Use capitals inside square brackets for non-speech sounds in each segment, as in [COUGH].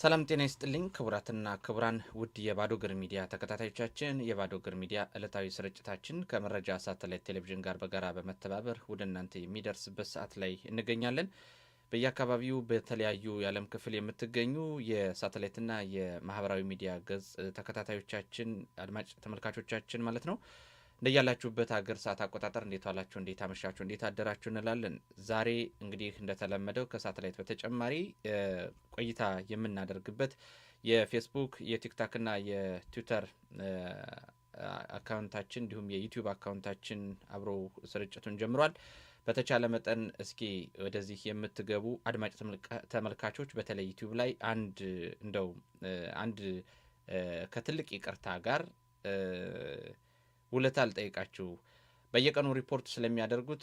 ሰላም ጤና ይስጥልኝ ክቡራትና ክቡራን ውድ የባዶ እግር ሚዲያ ተከታታዮቻችን፣ የባዶ እግር ሚዲያ ዕለታዊ ስርጭታችን ከመረጃ ሳተላይት ቴሌቪዥን ጋር በጋራ በመተባበር ወደ እናንተ የሚደርስበት ሰዓት ላይ እንገኛለን። በየአካባቢው በተለያዩ የዓለም ክፍል የምትገኙ የሳተላይትና የማህበራዊ ሚዲያ ገጽ ተከታታዮቻችን፣ አድማጭ ተመልካቾቻችን ማለት ነው እንደያላችሁበት ሀገር ሰዓት አቆጣጠር እንዴት ዋላችሁ፣ እንዴት አመሻችሁ፣ እንዴት አደራችሁ እንላለን። ዛሬ እንግዲህ እንደተለመደው ከሳተላይት በተጨማሪ ቆይታ የምናደርግበት የፌስቡክ የቲክታክና የትዊተር አካውንታችን እንዲሁም የዩቲዩብ አካውንታችን አብሮ ስርጭቱን ጀምሯል። በተቻለ መጠን እስኪ ወደዚህ የምትገቡ አድማጭ ተመልካቾች በተለይ ዩቲዩብ ላይ አንድ እንደው አንድ ከትልቅ ይቅርታ ጋር ውለታ አልጠይቃችሁ በየቀኑ ሪፖርት ስለሚያደርጉት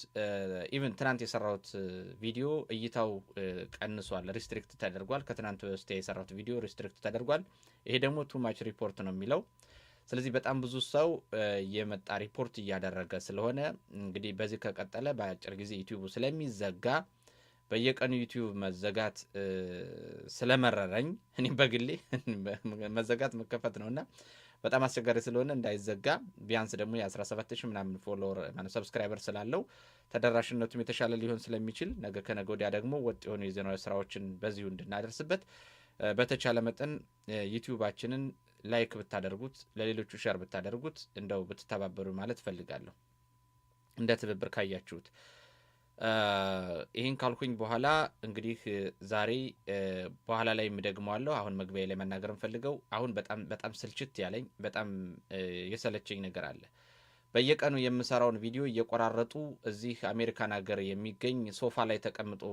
ኢቨን ትናንት የሰራሁት ቪዲዮ እይታው ቀንሷል፣ ሪስትሪክት ተደርጓል። ከትናንት በስቲያ የሰራሁት ቪዲዮ ሪስትሪክት ተደርጓል። ይሄ ደግሞ ቱማች ሪፖርት ነው የሚለው። ስለዚህ በጣም ብዙ ሰው የመጣ ሪፖርት እያደረገ ስለሆነ እንግዲህ በዚህ ከቀጠለ በአጭር ጊዜ ዩቲዩቡ ስለሚዘጋ በየቀኑ ዩቲዩብ መዘጋት ስለመረረኝ እኔ በግሌ [LAUGHS] መዘጋት መከፈት ነውና በጣም አስቸጋሪ ስለሆነ እንዳይዘጋ ቢያንስ ደግሞ የ17 ምናምን ፎሎወር ማነው ሰብስክራይበር ስላለው ተደራሽነቱም የተሻለ ሊሆን ስለሚችል ነገ ከነገ ወዲያ ደግሞ ወጥ የሆኑ የዜና ስራዎችን በዚሁ እንድናደርስበት በተቻለ መጠን ዩቲዩባችንን ላይክ ብታደርጉት ለሌሎቹ ሸር ብታደርጉት እንደው ብትተባበሩ ማለት እፈልጋለሁ። እንደ ትብብር ካያችሁት ይህን ካልኩኝ በኋላ እንግዲህ ዛሬ በኋላ ላይ የምደግመዋለሁ። አሁን መግቢያ ላይ መናገር ፈልገው አሁን በጣም በጣም ስልችት ያለኝ በጣም የሰለቸኝ ነገር አለ። በየቀኑ የምሰራውን ቪዲዮ እየቆራረጡ እዚህ አሜሪካን ሀገር የሚገኝ ሶፋ ላይ ተቀምጦ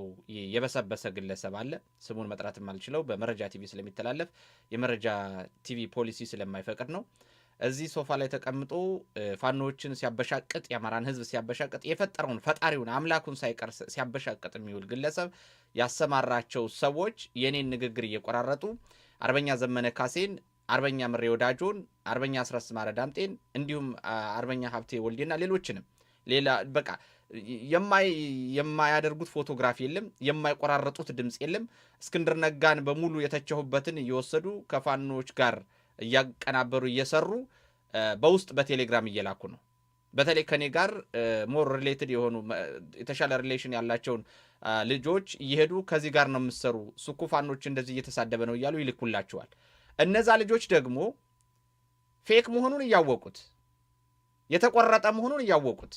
የበሰበሰ ግለሰብ አለ። ስሙን መጥራት አልችለው፣ በመረጃ ቲቪ ስለሚተላለፍ የመረጃ ቲቪ ፖሊሲ ስለማይፈቅድ ነው። እዚህ ሶፋ ላይ ተቀምጦ ፋኖዎችን ሲያበሻቅጥ የአማራን ህዝብ ሲያበሻቅጥ የፈጠረውን ፈጣሪውን አምላኩን ሳይቀር ሲያበሻቅጥ የሚውል ግለሰብ ያሰማራቸው ሰዎች የኔን ንግግር እየቆራረጡ አርበኛ ዘመነ ካሴን፣ አርበኛ ምሬ ወዳጆን፣ አርበኛ አስረስ ማረ ዳምጤን እንዲሁም አርበኛ ሀብቴ ወልዴና ሌሎችንም ሌላ በቃ የማያደርጉት ፎቶግራፍ የለም፣ የማይቆራረጡት ድምፅ የለም። እስክንድር ነጋን በሙሉ የተቸሁበትን እየወሰዱ ከፋኖች ጋር እያቀናበሩ እየሰሩ በውስጥ በቴሌግራም እየላኩ ነው። በተለይ ከኔ ጋር ሞር ሪሌትድ የሆኑ የተሻለ ሪሌሽን ያላቸውን ልጆች እየሄዱ ከዚህ ጋር ነው የምትሰሩ ሱኩ ፋኖች እንደዚህ እየተሳደበ ነው እያሉ ይልኩላቸዋል። እነዛ ልጆች ደግሞ ፌክ መሆኑን እያወቁት የተቆረጠ መሆኑን እያወቁት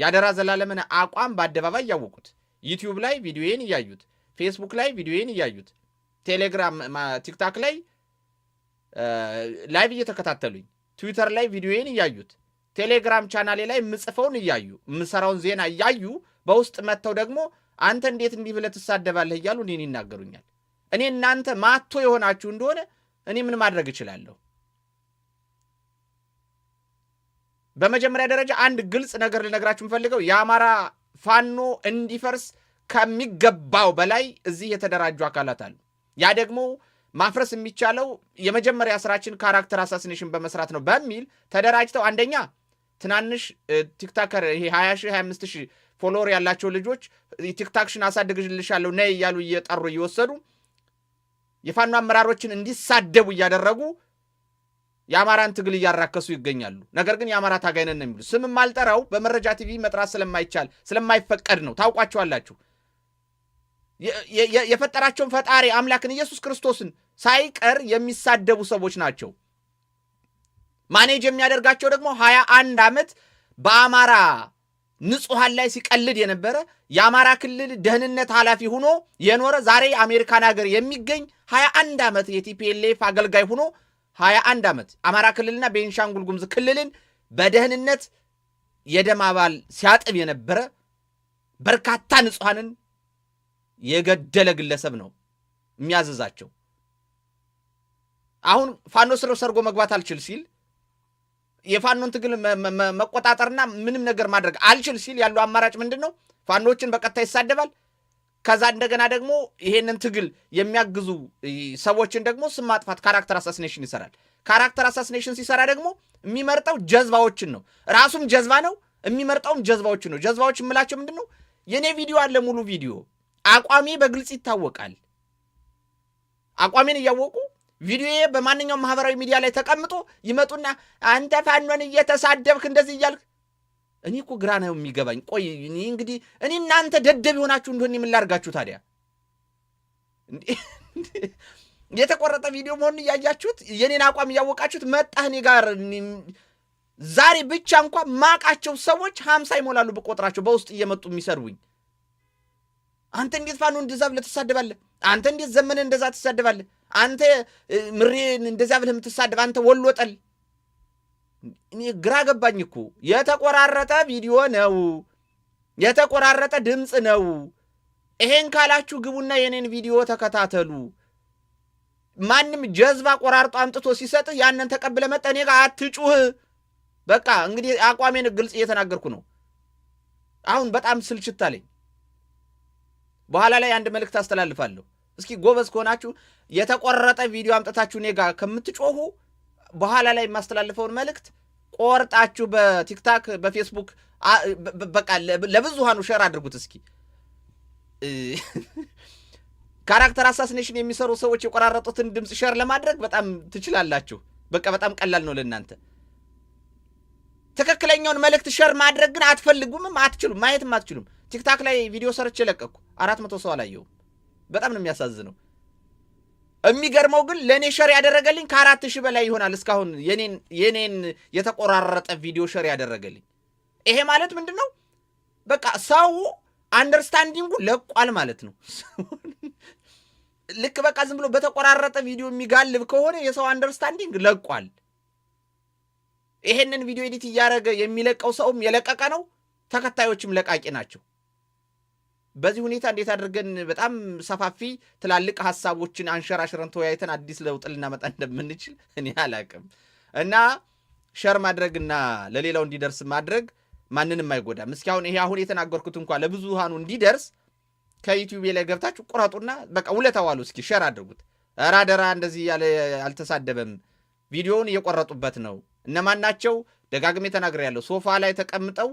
የአደራ ዘላለምን አቋም በአደባባይ እያወቁት ዩቲዩብ ላይ ቪዲዮዬን እያዩት ፌስቡክ ላይ ቪዲዮዬን እያዩት ቴሌግራም ቲክታክ ላይ ላይቭ እየተከታተሉኝ፣ ትዊተር ላይ ቪዲዮዬን እያዩት፣ ቴሌግራም ቻናሌ ላይ የምጽፈውን እያዩ የምሰራውን ዜና እያዩ በውስጥ መጥተው ደግሞ አንተ እንዴት እንዲህ ብለህ ትሳደባለህ እያሉ እኔን ይናገሩኛል። እኔ እናንተ ማቶ የሆናችሁ እንደሆነ እኔ ምን ማድረግ እችላለሁ? በመጀመሪያ ደረጃ አንድ ግልጽ ነገር ልነግራችሁ የምፈልገው የአማራ ፋኖ እንዲፈርስ ከሚገባው በላይ እዚህ የተደራጁ አካላት አሉ። ያ ደግሞ ማፍረስ የሚቻለው የመጀመሪያ ስራችን ካራክተር አሳሲኔሽን በመስራት ነው በሚል ተደራጅተው አንደኛ ትናንሽ ቲክታከር ይሄ 20 ሺህ 25 ሺህ ፎሎወር ያላቸው ልጆች ቲክታክሽን አሳድግልሻለሁ ነይ እያሉ እየጠሩ እየወሰዱ የፋኖ አመራሮችን እንዲሳደቡ እያደረጉ የአማራን ትግል እያራከሱ ይገኛሉ። ነገር ግን የአማራ ታጋይነን ነው የሚሉ ስም ማልጠራው በመረጃ ቲቪ መጥራት ስለማይቻል ስለማይፈቀድ ነው። ታውቋቸዋላችሁ። የፈጠራቸውን ፈጣሪ አምላክን ኢየሱስ ክርስቶስን ሳይቀር የሚሳደቡ ሰዎች ናቸው። ማኔጅ የሚያደርጋቸው ደግሞ ሀያ አንድ ዓመት በአማራ ንጹሐን ላይ ሲቀልድ የነበረ የአማራ ክልል ደህንነት ኃላፊ ሆኖ የኖረ ዛሬ አሜሪካን ሀገር የሚገኝ 21 ዓመት የቲፒኤልኤፍ አገልጋይ ሆኖ 21 ዓመት አማራ ክልልና ቤንሻንጉል ጉምዝ ክልልን በደህንነት የደም አባል ሲያጥብ የነበረ በርካታ ንጹሐንን የገደለ ግለሰብ ነው የሚያዘዛቸው። አሁን ፋኖ ስር ሰርጎ መግባት አልችል ሲል የፋኖን ትግል መቆጣጠርና ምንም ነገር ማድረግ አልችል ሲል ያለው አማራጭ ምንድን ነው? ፋኖችን በቀጥታ ይሳደባል። ከዛ እንደገና ደግሞ ይሄንን ትግል የሚያግዙ ሰዎችን ደግሞ ስም ማጥፋት ካራክተር አሳሲኔሽን ይሰራል። ካራክተር አሳሲኔሽን ሲሰራ ደግሞ የሚመርጠው ጀዝባዎችን ነው። ራሱም ጀዝባ ነው፣ የሚመርጠውም ጀዝባዎችን ነው። ጀዝባዎች የምላቸው ምንድን ነው? የእኔ ቪዲዮ አለ ሙሉ ቪዲዮ አቋሚ በግልጽ ይታወቃል። አቋሚን እያወቁ ቪዲዮ በማንኛውም ማህበራዊ ሚዲያ ላይ ተቀምጦ ይመጡና አንተ ፋኖን እየተሳደብክ እንደዚህ እያልክ እኔ እኮ ግራ ነው የሚገባኝ። ቆይ እንግዲህ እኔ እናንተ ደደብ የሆናችሁ እንደሆን የምላርጋችሁ ታዲያ? የተቆረጠ ቪዲዮ መሆኑን እያያችሁት የኔን አቋም እያወቃችሁት መጣህ እኔ ጋር። ዛሬ ብቻ እንኳ ማቃቸው ሰዎች ሀምሳ ይሞላሉ ብቆጥራቸው በውስጥ እየመጡ የሚሰድቡኝ አንተ እንዴት ፋኖ እንደዛ ብለህ ትሳደባለህ? አንተ እንዴት ዘመነ እንደዛ ትሳደባለህ? አንተ ምሬን እንደዛ ብለህ የምትሳደብ አንተ ወሎ ጠል። ግራ ገባኝ እኮ የተቆራረጠ ቪዲዮ ነው የተቆራረጠ ድምፅ ነው። ይሄን ካላችሁ ግቡና የኔን ቪዲዮ ተከታተሉ። ማንም ጀዝባ ቆራርጦ አምጥቶ ሲሰጥ ያንን ተቀብለ መጠ እኔ ጋር አትጩህ። በቃ እንግዲህ አቋሜን ግልጽ እየተናገርኩ ነው። አሁን በጣም ስልችት አለኝ። በኋላ ላይ አንድ መልእክት አስተላልፋለሁ። እስኪ ጎበዝ ከሆናችሁ የተቆረጠ ቪዲዮ አምጥታችሁ እኔ ጋር ከምትጮሁ በኋላ ላይ የማስተላልፈውን መልእክት ቆርጣችሁ በቲክታክ በፌስቡክ በቃ ለብዙሃኑ ሸር አድርጉት። እስኪ ካራክተር አሳሲኔሽን የሚሰሩ ሰዎች የቆራረጡትን ድምፅ ሸር ለማድረግ በጣም ትችላላችሁ። በቃ በጣም ቀላል ነው ለእናንተ። ትክክለኛውን መልእክት ሸር ማድረግ ግን አትፈልጉምም፣ አትችሉም፣ ማየትም አትችሉም። ቲክታክ ላይ ቪዲዮ ሰርች ለቀኩ። አራት መቶ ሰው አላየው በጣም ነው የሚያሳዝነው። የሚገርመው ግን ለእኔ ሸር ያደረገልኝ ከአራት ሺህ በላይ ይሆናል። እስካሁን የኔን የተቆራረጠ ቪዲዮ ሸር ያደረገልኝ ይሄ ማለት ምንድን ነው? በቃ ሰው አንደርስታንዲንጉ ለቋል ማለት ነው። ልክ በቃ ዝም ብሎ በተቆራረጠ ቪዲዮ የሚጋልብ ከሆነ የሰው አንደርስታንዲንግ ለቋል። ይሄንን ቪዲዮ ኤዲት እያደረገ የሚለቀው ሰውም የለቀቀ ነው፣ ተከታዮችም ለቃቂ ናቸው። በዚህ ሁኔታ እንዴት አድርገን በጣም ሰፋፊ ትላልቅ ሀሳቦችን አንሸራሽረን ተወያይተን አዲስ ለውጥ ልናመጣ እንደምንችል እኔ አላቅም። እና ሸር ማድረግና ለሌላው እንዲደርስ ማድረግ ማንንም አይጎዳም። እስኪ አሁን ይሄ አሁን የተናገርኩት እንኳ ለብዙሃኑ እንዲደርስ ከዩቲዩብ ላይ ገብታችሁ ቁረጡና በቃ ውለታ ዋሉ። እስኪ ሸር አድርጉት። ራደራ እንደዚህ አልተሳደበም፣ ቪዲዮውን እየቆረጡበት ነው። እነማን ናቸው? ደጋግሜ ተናግሬያለሁ። ሶፋ ላይ ተቀምጠው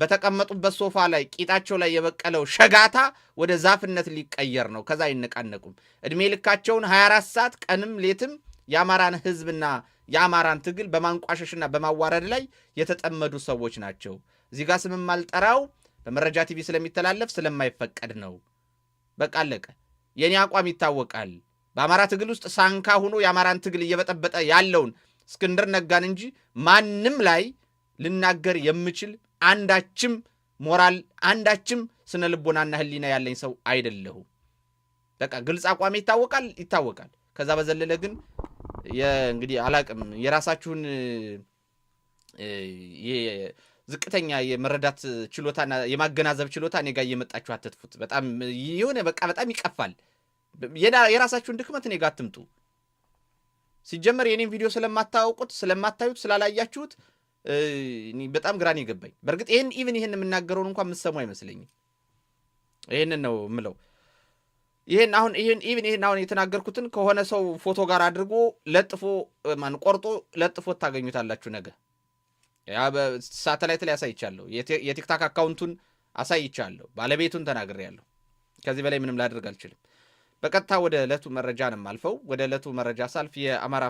በተቀመጡበት ሶፋ ላይ ቂጣቸው ላይ የበቀለው ሸጋታ ወደ ዛፍነት ሊቀየር ነው። ከዛ አይነቃነቁም። እድሜ ልካቸውን 24 ሰዓት ቀንም ሌትም የአማራን ህዝብና የአማራን ትግል በማንቋሸሽና በማዋረድ ላይ የተጠመዱ ሰዎች ናቸው። እዚህ ጋር ስምም አልጠራው በመረጃ ቲቪ ስለሚተላለፍ ስለማይፈቀድ ነው። በቃ አለቀ። የእኔ አቋም ይታወቃል። በአማራ ትግል ውስጥ ሳንካ ሆኖ የአማራን ትግል እየበጠበጠ ያለውን እስክንድር ነጋን እንጂ ማንም ላይ ልናገር የምችል አንዳችም ሞራል አንዳችም ስነ ልቦናና ህሊና ያለኝ ሰው አይደለሁም። በቃ ግልጽ አቋሜ ይታወቃል ይታወቃል። ከዛ በዘለለ ግን እንግዲህ አላቅም የራሳችሁን ዝቅተኛ የመረዳት ችሎታና የማገናዘብ ችሎታ እኔ ጋር እየመጣችሁ አትጥፉት። በጣም የሆነ በቃ በጣም ይቀፋል። የራሳችሁን ድክመት እኔ ጋር አትምጡ። ሲጀመር የኔም ቪዲዮ ስለማታውቁት ስለማታዩት ስላላያችሁት በጣም ግራን የገባኝ በእርግጥ ይህን ኢቭን ይህን የምናገረውን እንኳን የምሰሙ አይመስለኝም። ይህንን ነው ምለው። ይህን አሁን ይህን ኢቭን ይህን አሁን የተናገርኩትን ከሆነ ሰው ፎቶ ጋር አድርጎ ለጥፎ ማን ቆርጦ ለጥፎ ታገኙታላችሁ። ነገ ያ በሳተላይት ላይ አሳይቻለሁ። የቲክታክ አካውንቱን አሳይቻለሁ። ባለቤቱን ተናግሬያለሁ። ከዚህ በላይ ምንም ላደርግ አልችልም። በቀጥታ ወደ ዕለቱ መረጃ ነው የማልፈው። ወደ ዕለቱ መረጃ ሳልፍ የአማራ